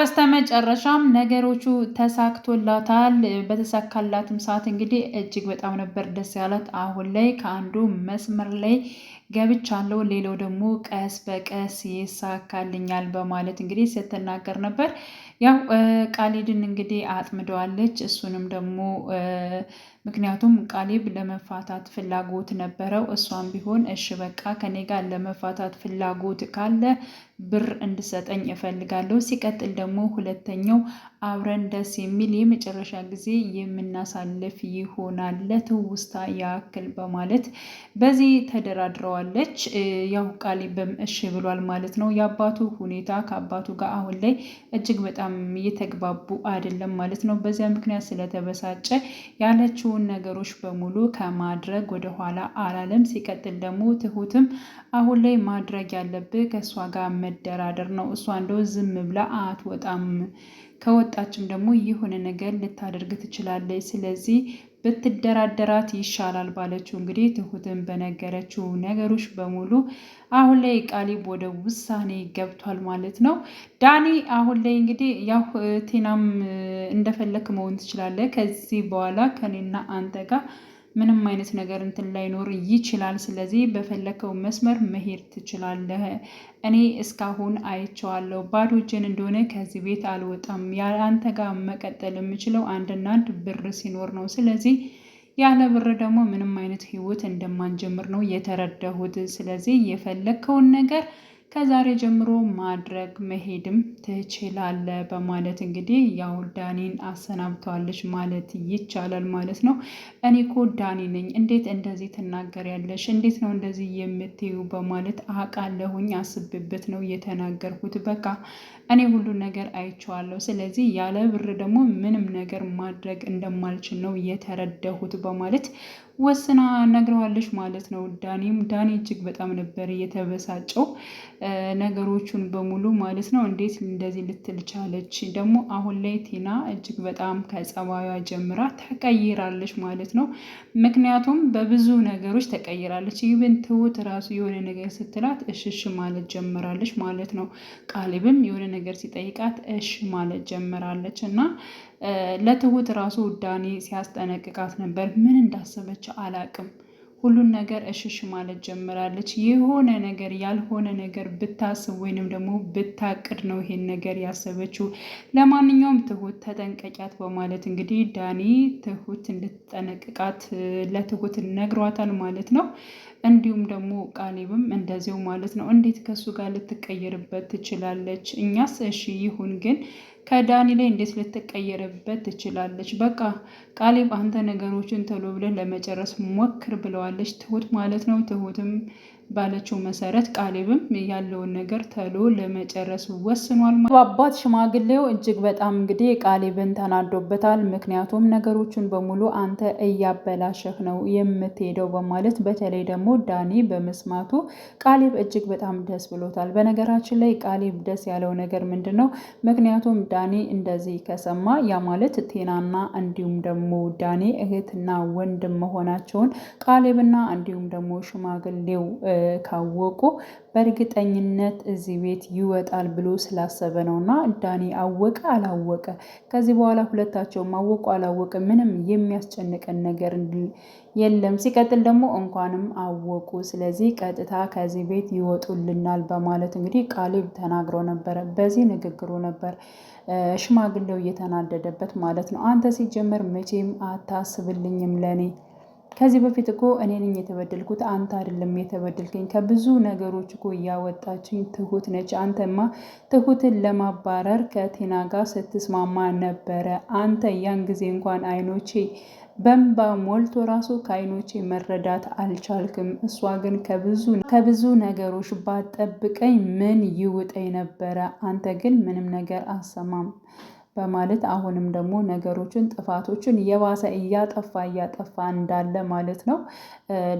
በስተመጨረሻም ነገሮቹ ተሳክቶላታል። በተሳካላትም ሰዓት እንግዲህ እጅግ በጣም ነበር ደስ ያላት። አሁን ላይ ከአንዱ መስመር ላይ ገብቻለሁ፣ ሌላው ደግሞ ቀስ በቀስ ይሳካልኛል በማለት እንግዲህ ስትናገር ነበር። ያው ቃሊድን እንግዲህ አጥምደዋለች። እሱንም ደግሞ ምክንያቱም ቃሌብ ለመፋታት ፍላጎት ነበረው። እሷም ቢሆን እሽ በቃ ከኔ ጋር ለመፋታት ፍላጎት ካለ ብር እንድሰጠኝ እፈልጋለሁ። ሲቀጥል ደግሞ ሁለተኛው አብረን ደስ የሚል የመጨረሻ ጊዜ የምናሳልፍ ይሆናል ለትውስታ ያክል በማለት በዚህ ተደራድረዋለች። ያው ቃሌብም እሽ ብሏል ማለት ነው። የአባቱ ሁኔታ ከአባቱ ጋር አሁን ላይ እጅግ በጣም እየተግባቡ አይደለም ማለት ነው። በዚያ ምክንያት ስለተበሳጨ ያለችው ያሰበችውን ነገሮች በሙሉ ከማድረግ ወደኋላ አላለም። ሲቀጥል ደግሞ ትሁትም አሁን ላይ ማድረግ ያለብህ ከእሷ ጋር መደራደር ነው። እሷ እንደው ዝም ብላ አትወጣም። ከወጣችም ደግሞ የሆነ ነገር ልታደርግ ትችላለች። ስለዚህ ብትደራደራት ይሻላል ባለችው እንግዲህ ትሁትን በነገረችው ነገሮች በሙሉ አሁን ላይ ቃሊብ ወደ ውሳኔ ገብቷል ማለት ነው። ዳኒ አሁን ላይ እንግዲህ ያው ቴናም እንደፈለክ መሆን ትችላለህ ከዚህ በኋላ ከኔና አንተ ጋር ምንም አይነት ነገር እንትን ላይኖር ይችላል። ስለዚህ በፈለከው መስመር መሄድ ትችላለህ። እኔ እስካሁን አይቼዋለሁ። ባዶ እጄን እንደሆነ ከዚህ ቤት አልወጣም። ያለአንተ ጋር መቀጠል የምችለው አንድና አንድ ብር ሲኖር ነው። ስለዚህ ያለ ብር ደግሞ ምንም አይነት ህይወት እንደማንጀምር ነው የተረዳሁት። ስለዚህ የፈለከውን ነገር ከዛሬ ጀምሮ ማድረግ መሄድም ትችላለ በማለት እንግዲህ ያው ዳኒን አሰናብተዋለች ማለት ይቻላል ማለት ነው። እኔ እኮ ዳኒ ነኝ እንዴት እንደዚህ ትናገሪያለሽ? እንዴት ነው እንደዚህ የምትዩ? በማለት አቃለሁኝ አስብበት ነው የተናገርኩት። በቃ እኔ ሁሉን ነገር አይቼዋለሁ። ስለዚህ ያለ ብር ደግሞ ምንም ነገር ማድረግ እንደማልችል ነው የተረዳሁት በማለት ወስና ነግረዋለች ማለት ነው። ዳኒም ዳኒ እጅግ በጣም ነበር የተበሳጨው ነገሮቹን በሙሉ ማለት ነው። እንዴት እንደዚህ ልትል ቻለች? ደግሞ አሁን ላይ ቲና እጅግ በጣም ከጸባዩዋ ጀምራ ተቀይራለች ማለት ነው። ምክንያቱም በብዙ ነገሮች ተቀይራለች። ይብን ትሁት ራሱ የሆነ ነገር ስትላት እሽሽ ማለት ጀምራለች ማለት ነው። ቃሊብም የሆነ ነገር ሲጠይቃት እሽ ማለት ጀምራለች እና ለትሁት ራሱ ዳኔ ሲያስጠነቅቃት ነበር። ምን እንዳሰበች አላቅም። ሁሉን ነገር እሽሽ ማለት ጀምራለች። የሆነ ነገር ያልሆነ ነገር ብታስብ ወይንም ደግሞ ብታቅድ ነው ይሄን ነገር ያሰበችው። ለማንኛውም ትሁት ተጠንቀቂያት በማለት እንግዲህ ዳኒ ትሁት እንድትጠነቅቃት ለትሁት ነግሯታል ማለት ነው። እንዲሁም ደግሞ ቃሌብም እንደዚው ማለት ነው። እንዴት ከሱ ጋር ልትቀየርበት ትችላለች? እኛስ እሺ ይሁን ግን ከዳኒ ላይ እንዴት ልትቀየርበት ትችላለች? በቃ ቃሊብ አንተ ነገሮችን ቶሎ ለመጨረስ ሞክር ብለዋለች ትሁት ማለት ነው። ትሁትም ባለችው መሰረት ቃሌብም ያለውን ነገር ተሎ ለመጨረስ ወስኗል። አባት ሽማግሌው እጅግ በጣም እንግዲህ ቃሌብን ተናዶበታል። ምክንያቱም ነገሮችን በሙሉ አንተ እያበላሸህ ነው የምትሄደው በማለት በተለይ ደግሞ ዳኒ በመስማቱ ቃሌብ እጅግ በጣም ደስ ብሎታል። በነገራችን ላይ ቃሌብ ደስ ያለው ነገር ምንድን ነው? ምክንያቱም ዳኒ እንደዚህ ከሰማ ያ ማለት ቴናና እንዲሁም ደግሞ ዳኒ እህትና ወንድም መሆናቸውን ቃሌብና እንዲሁም ደግሞ ሽማግሌው ካወቁ በእርግጠኝነት እዚህ ቤት ይወጣል ብሎ ስላሰበ ነው። እና ዳኒ አወቀ አላወቀ፣ ከዚህ በኋላ ሁለታቸውም አወቁ አላወቀ ምንም የሚያስጨንቀን ነገር የለም። ሲቀጥል ደግሞ እንኳንም አወቁ፣ ስለዚህ ቀጥታ ከዚህ ቤት ይወጡልናል በማለት እንግዲህ ቃሌብ ተናግሮ ነበረ። በዚህ ንግግሩ ነበር ሽማግሌው እየተናደደበት ማለት ነው። አንተ ሲጀመር መቼም አታስብልኝም ለኔ ከዚህ በፊት እኮ እኔ ነኝ የተበደልኩት አንተ አይደለም የተበደልከኝ፣ ከብዙ ነገሮች እኮ እያወጣችኝ ትሁት ነች። አንተማ ትሁትን ለማባረር ከቴና ጋር ስትስማማ ነበረ። አንተ ያን ጊዜ እንኳን አይኖቼ በንባ ሞልቶ ራሱ ከአይኖቼ መረዳት አልቻልክም። እሷ ግን ከብዙ ነገሮች ባጠብቀኝ ምን ይውጠኝ ነበረ። አንተ ግን ምንም ነገር አሰማም በማለት አሁንም ደግሞ ነገሮችን ጥፋቶችን የባሰ እያጠፋ እያጠፋ እንዳለ ማለት ነው።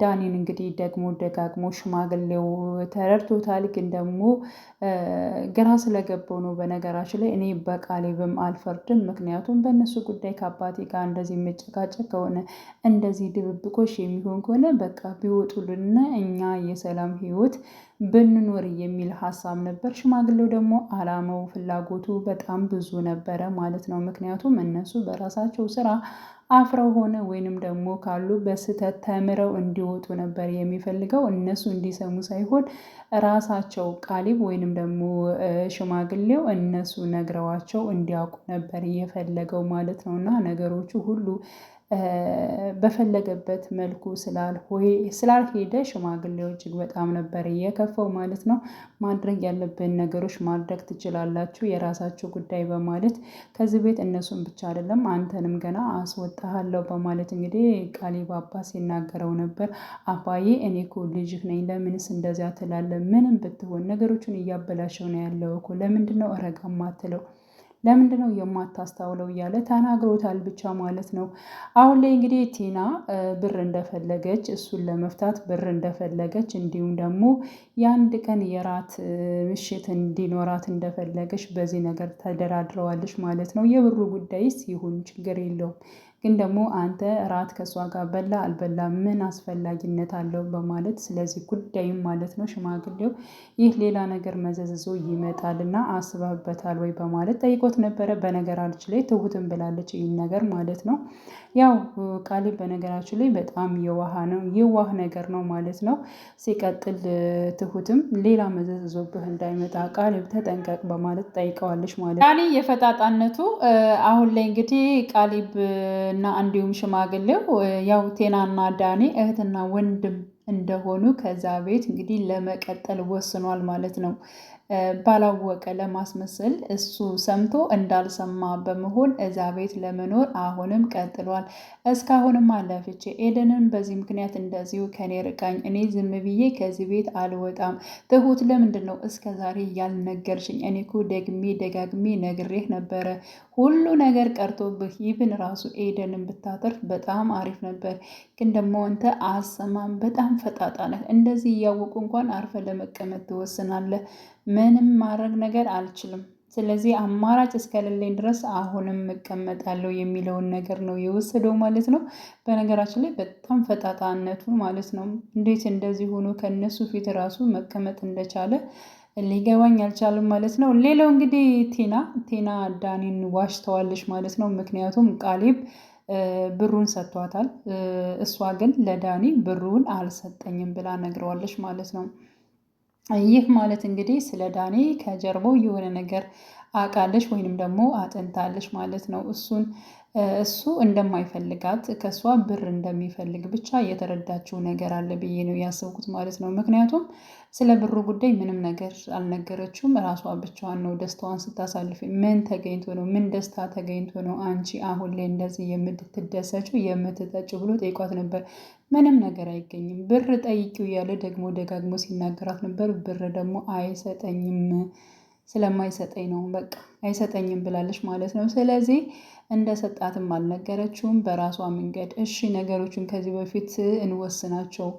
ዳኒን እንግዲህ ደግሞ ደጋግሞ ሽማግሌው ተረድቶታል፣ ግን ደግሞ ግራ ስለገባው ነው። በነገራችን ላይ እኔ በቃሌብም አልፈርድም። ምክንያቱም በእነሱ ጉዳይ ከአባቴ ጋር እንደዚህ የምጨቃጨቅ ከሆነ እንደዚህ ድብብቆሽ የሚሆን ከሆነ በቃ ቢወጡልንና እኛ የሰላም ህይወት ብንኖር የሚል ሀሳብ ነበር። ሽማግሌው ደግሞ አላማው ፍላጎቱ በጣም ብዙ ነበረ ማለት ነው። ምክንያቱም እነሱ በራሳቸው ስራ አፍረው ሆነ ወይንም ደግሞ ካሉ በስህተት ተምረው እንዲወጡ ነበር የሚፈልገው። እነሱ እንዲሰሙ ሳይሆን ራሳቸው ቃሊብ ወይንም ደግሞ ሽማግሌው እነሱ ነግረዋቸው እንዲያውቁ ነበር የፈለገው ማለት ነው። እና ነገሮቹ ሁሉ በፈለገበት መልኩ ስላልሄደ ሽማግሌው እጅግ በጣም ነበር እየከፈው ማለት ነው። ማድረግ ያለብን ነገሮች ማድረግ ትችላላችሁ፣ የራሳችሁ ጉዳይ በማለት ከዚህ ቤት እነሱን ብቻ አይደለም አንተንም ገና አስወጣሃለሁ በማለት እንግዲህ ቃሊብ አባ ሲናገረው ነበር። አባዬ እኔ እኮ ልጅህ ነኝ፣ ለምንስ እንደዚያ ትላለህ? ምንም ብትሆን ነገሮችን እያበላሸው ነው ያለው እኮ ለምንድን ነው እረጋ ማትለው ለምንድነው የማታስታውለው እያለ ተናግሮታል ብቻ ማለት ነው። አሁን ላይ እንግዲህ ቲና ብር እንደፈለገች እሱን ለመፍታት ብር እንደፈለገች እንዲሁም ደግሞ የአንድ ቀን የራት ምሽት እንዲኖራት እንደፈለገች በዚህ ነገር ተደራድረዋለች ማለት ነው። የብሩ ጉዳይስ ይሁን ችግር የለውም ግን ደግሞ አንተ እራት ከእሷ ጋር በላ አልበላ ምን አስፈላጊነት አለው በማለት ስለዚህ ጉዳይም ማለት ነው ሽማግሌው ይህ ሌላ ነገር መዘዝዞ ይመጣልና አስበህበታል ወይ በማለት ጠይቆት ነበረ። በነገራችን ላይ ትሁትን ብላለች ይህን ነገር ማለት ነው። ያው ቃሌ በነገራችን ላይ በጣም የዋሃ ነው የዋህ ነገር ነው ማለት ነው። ሲቀጥል ትሁትም ሌላ መዘዝዞብህ እንዳይመጣ ቃሌ ተጠንቀቅ በማለት ጠይቀዋለች ማለት ነው። የፈጣጣነቱ አሁን ላይ እንግዲህ ቃሌ እና እንዲሁም ሽማግሌው ያው ቴናና ዳኔ እህትና ወንድም እንደሆኑ ከዛ ቤት እንግዲህ ለመቀጠል ወስኗል ማለት ነው። ባላወቀ ለማስመሰል እሱ ሰምቶ እንዳልሰማ በመሆን እዛ ቤት ለመኖር አሁንም ቀጥሏል። እስካሁንም አለፍች ኤደንን በዚህ ምክንያት እንደዚሁ ከኔ ርቃኝ፣ እኔ ዝም ብዬ ከዚህ ቤት አልወጣም። ትሁት ለምንድን ነው እስከ ዛሬ ያልነገርሽኝ? እኔ እኮ ደግሜ ደጋግሜ ነግሬህ ነበረ። ሁሉ ነገር ቀርቶብህ ይብን ራሱ ኤደንን ብታተርፍ በጣም አሪፍ ነበር። ግን ደግሞ አንተ አሰማም፣ በጣም ፈጣጣ ነህ። እንደዚህ እያወቁ እንኳን አርፈ ለመቀመጥ ትወስናለህ። ምንም ማድረግ ነገር አልችልም። ስለዚህ አማራጭ እስከሌለኝ ድረስ አሁንም እቀመጣለሁ የሚለውን ነገር ነው የወሰደው ማለት ነው። በነገራችን ላይ በጣም ፈጣጣነቱ ማለት ነው እንዴት እንደዚህ ሆኖ ከእነሱ ፊት ራሱ መቀመጥ እንደቻለ ሊገባኝ አልቻልም ማለት ነው። ሌላው እንግዲህ ቴና ቴና ዳኒን ዋሽተዋለች ማለት ነው። ምክንያቱም ቃሌብ ብሩን ሰጥቷታል፣ እሷ ግን ለዳኒ ብሩን አልሰጠኝም ብላ ነግረዋለች ማለት ነው። ይህ ማለት እንግዲህ ስለ ዳኔ ከጀርባው የሆነ ነገር አውቃለች ወይንም ደግሞ አጥንታለች ማለት ነው። እሱን እሱ እንደማይፈልጋት ከእሷ ብር እንደሚፈልግ ብቻ የተረዳችው ነገር አለ ብዬ ነው ያሰብኩት ማለት ነው። ምክንያቱም ስለ ብሩ ጉዳይ ምንም ነገር አልነገረችውም። እራሷ ብቻዋን ነው ደስታዋን ስታሳልፍ። ምን ተገኝቶ ነው? ምን ደስታ ተገኝቶ ነው አንቺ አሁን ላይ እንደዚህ የምትደሰችው የምትጠጭ ብሎ ጠይቋት ነበር። ምንም ነገር አይገኝም። ብር ጠይቂው እያለ ደግሞ ደጋግሞ ሲናገራት ነበር። ብር ደግሞ አይሰጠኝም ስለማይሰጠኝ ነው በቃ አይሰጠኝም ብላለች ማለት ነው። ስለዚህ እንደ ሰጣትም አልነገረችውም። በራሷ መንገድ እሺ ነገሮችን ከዚህ በፊት እንወስናቸው፣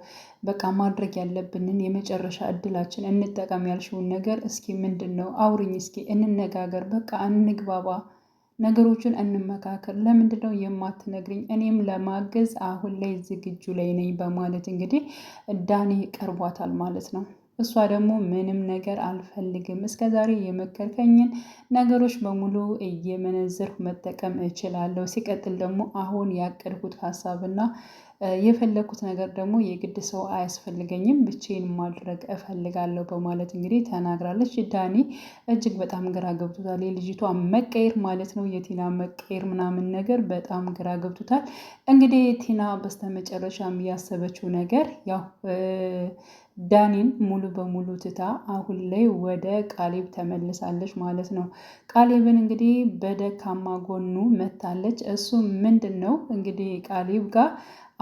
በቃ ማድረግ ያለብንን የመጨረሻ እድላችን እንጠቀም ያልሽውን ነገር እስኪ ምንድን ነው አውሪኝ፣ እስኪ እንነጋገር፣ በቃ እንግባባ ነገሮችን እንመካከል፣ ለምንድነው የማትነግርኝ እኔም ለማገዝ አሁን ላይ ዝግጁ ላይ ነኝ በማለት እንግዲህ ዳኔ ቀርቧታል ማለት ነው። እሷ ደግሞ ምንም ነገር አልፈልግም፣ እስከዛሬ የመከርከኝን ነገሮች በሙሉ እየመነዘርኩ መጠቀም እችላለሁ። ሲቀጥል ደግሞ አሁን ያቀድኩት ሀሳብና የፈለኩት ነገር ደግሞ የግድ ሰው አያስፈልገኝም ብቻዬን ማድረግ እፈልጋለሁ በማለት እንግዲህ ተናግራለች። ዳኒ እጅግ በጣም ግራ ገብቶታል። የልጅቷ መቀየር ማለት ነው የቲና መቀየር ምናምን ነገር በጣም ግራ ገብቶታል። እንግዲህ ቲና በስተመጨረሻም ያሰበችው ነገር ያው ዳኒን ሙሉ በሙሉ ትታ አሁን ላይ ወደ ቃሌብ ተመልሳለች ማለት ነው። ቃሌብን እንግዲህ በደካማ ጎኑ መታለች። እሱ ምንድን ነው እንግዲህ ቃሌብ ጋር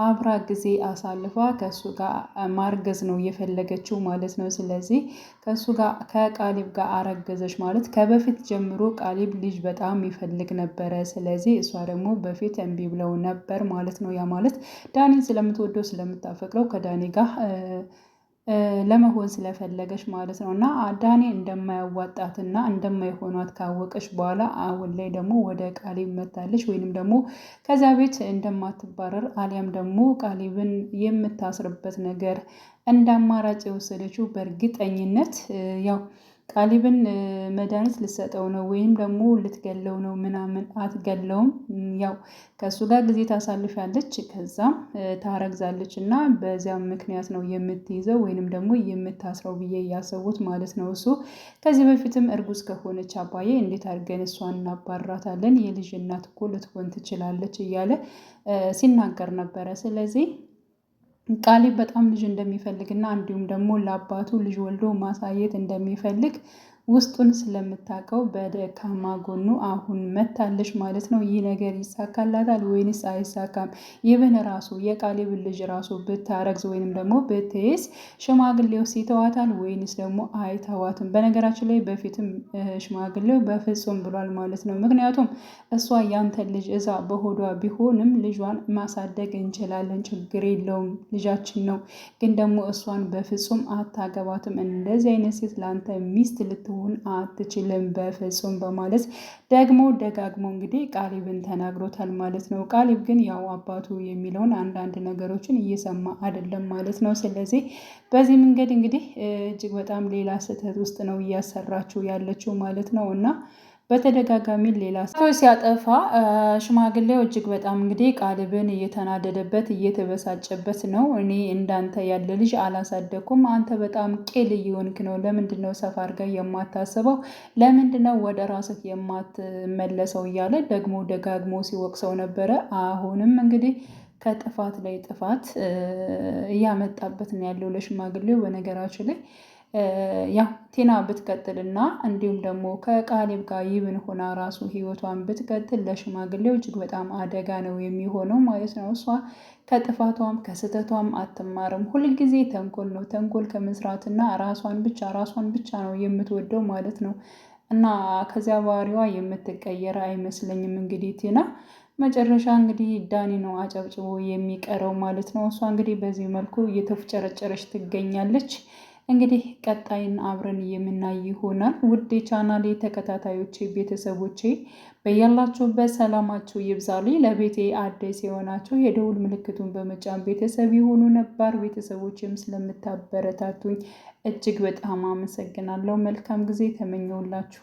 አብራ ጊዜ አሳልፋ ከእሱ ጋር ማርገዝ ነው እየፈለገችው ማለት ነው። ስለዚህ ከእሱ ጋር ከቃሊብ ጋር አረገዘች ማለት ከበፊት ጀምሮ ቃሊብ ልጅ በጣም ይፈልግ ነበረ። ስለዚህ እሷ ደግሞ በፊት እምቢ ብለው ነበር ማለት ነው። ያ ማለት ዳኒን ስለምትወደው ስለምታፈቅረው ከዳኒ ጋር ለመሆን ስለፈለገች ማለት ነው። እና አዳኔ እንደማያዋጣትና እንደማይሆኗት ካወቀች በኋላ አሁን ላይ ደግሞ ወደ ቃሊብ መታለች ወይንም ደግሞ ከዚያ ቤት እንደማትባረር አሊያም ደግሞ ቃሊብን የምታስርበት ነገር እንዳማራጭ የወሰደችው በእርግጠኝነት ያው ቃሊብን መድኃኒት ልሰጠው ነው ወይም ደግሞ ልትገለው ነው ምናምን፣ አትገለውም። ያው ከእሱ ጋር ጊዜ ታሳልፋለች፣ ከዛም ታረግዛለች እና በዚያም ምክንያት ነው የምትይዘው ወይንም ደግሞ የምታስረው ብዬ ያሰቡት ማለት ነው። እሱ ከዚህ በፊትም እርጉዝ ከሆነች አባዬ እንዴት አድርገን እሷን እናባራታለን? የልጅ እናት እኮ ልትሆን ትችላለች እያለ ሲናገር ነበረ። ስለዚህ ቃሌብ በጣም ልጅ እንደሚፈልግና እንዲሁም ደግሞ ለአባቱ ልጅ ወልዶ ማሳየት እንደሚፈልግ ውስጡን ስለምታውቀው በደካማ ጎኑ አሁን መታለች ማለት ነው። ይህ ነገር ይሳካላታል ወይንስ አይሳካም? ይብን ራሱ የቃሌብን ልጅ ራሱ ብታረግዝ ወይንም ደግሞ ብትይዝ ሽማግሌው ሲተዋታል ወይንስ ደግሞ አይተዋትም? በነገራችን ላይ በፊትም ሽማግሌው በፍጹም ብሏል ማለት ነው። ምክንያቱም እሷ ያንተ ልጅ እዛ በሆዷ ቢሆንም ልጇን ማሳደግ እንችላለን፣ ችግር የለውም፣ ልጃችን ነው። ግን ደግሞ እሷን በፍጹም አታገባትም። እንደዚህ አይነት ሴት ለአንተ ሚስት ልት ልትሆን አትችልም በፍጹም በማለት ደግሞ ደጋግሞ እንግዲህ ቃሊብን ተናግሮታል ማለት ነው። ቃሊብ ግን ያው አባቱ የሚለውን አንዳንድ ነገሮችን እየሰማ አይደለም ማለት ነው። ስለዚህ በዚህ መንገድ እንግዲህ እጅግ በጣም ሌላ ስህተት ውስጥ ነው እያሰራችው ያለችው ማለት ነው እና በተደጋጋሚ ሌላ ሰው ሲያጠፋ ሽማግሌው እጅግ በጣም እንግዲህ ቃልብን እየተናደደበት እየተበሳጨበት ነው። እኔ እንዳንተ ያለ ልጅ አላሳደኩም። አንተ በጣም ቄል እየሆንክ ነው። ለምንድነው ሰፋ አድርገህ የማታስበው? ለምንድነው ወደ ራስህ የማትመለሰው? እያለ ደግሞ ደጋግሞ ሲወቅሰው ነበረ። አሁንም እንግዲህ ከጥፋት ላይ ጥፋት እያመጣበት ነው ያለው ለሽማግሌው በነገራችን ላይ ያ ቴና ብትቀጥልና እንዲሁም ደግሞ ከቃሌብ ጋር ይብን ሆና ራሱ ህይወቷን ብትቀጥል ለሽማግሌው እጅግ በጣም አደጋ ነው የሚሆነው ማለት ነው። እሷ ከጥፋቷም ከስህተቷም አትማርም። ሁልጊዜ ተንኮል ነው ተንኮል ከመስራትና ራሷን ብቻ ራሷን ብቻ ነው የምትወደው ማለት ነው። እና ከዚያ ባህሪዋ የምትቀየር አይመስለኝም። እንግዲህ ቴና መጨረሻ እንግዲህ ዳኒ ነው አጨብጭቦ የሚቀረው ማለት ነው። እሷ እንግዲህ በዚህ መልኩ እየተፍጨረጨረች ትገኛለች። እንግዲህ ቀጣይን አብረን የምናይ ይሆናል። ውድ የቻናሌ ተከታታዮቼ ቤተሰቦቼ በያላችሁበት ሰላማችሁ ይብዛልኝ። ለቤቴ አዲስ የሆናችሁ የደውል ምልክቱን በመጫን ቤተሰብ የሆኑ ነባር ቤተሰቦችም ስለምታበረታቱኝ እጅግ በጣም አመሰግናለሁ። መልካም ጊዜ ተመኘውላችሁ።